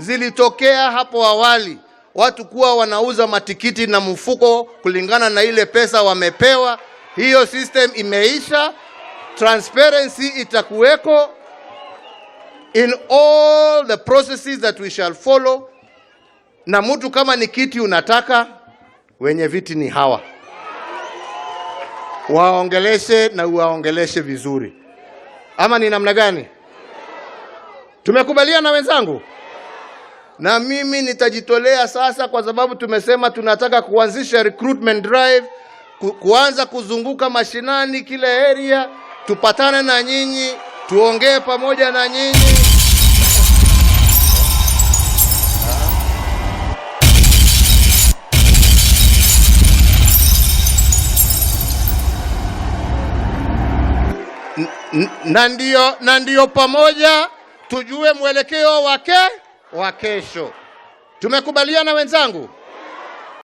zilitokea hapo awali, watu kuwa wanauza matikiti na mfuko kulingana na ile pesa wamepewa. Hiyo system imeisha, transparency itakuweko in all the processes that we shall follow. Na mtu kama ni kiti unataka, wenye viti ni hawa, waongeleshe na uwaongeleshe vizuri, ama ni namna gani? Tumekubaliana wenzangu? na mimi nitajitolea sasa, kwa sababu tumesema tunataka kuanzisha recruitment drive, kuanza kuzunguka mashinani kila area, tupatane na nyinyi, tuongee pamoja na nyinyi. na ndio, na pamoja tujue mwelekeo wake wa kesho. Tumekubaliana wenzangu?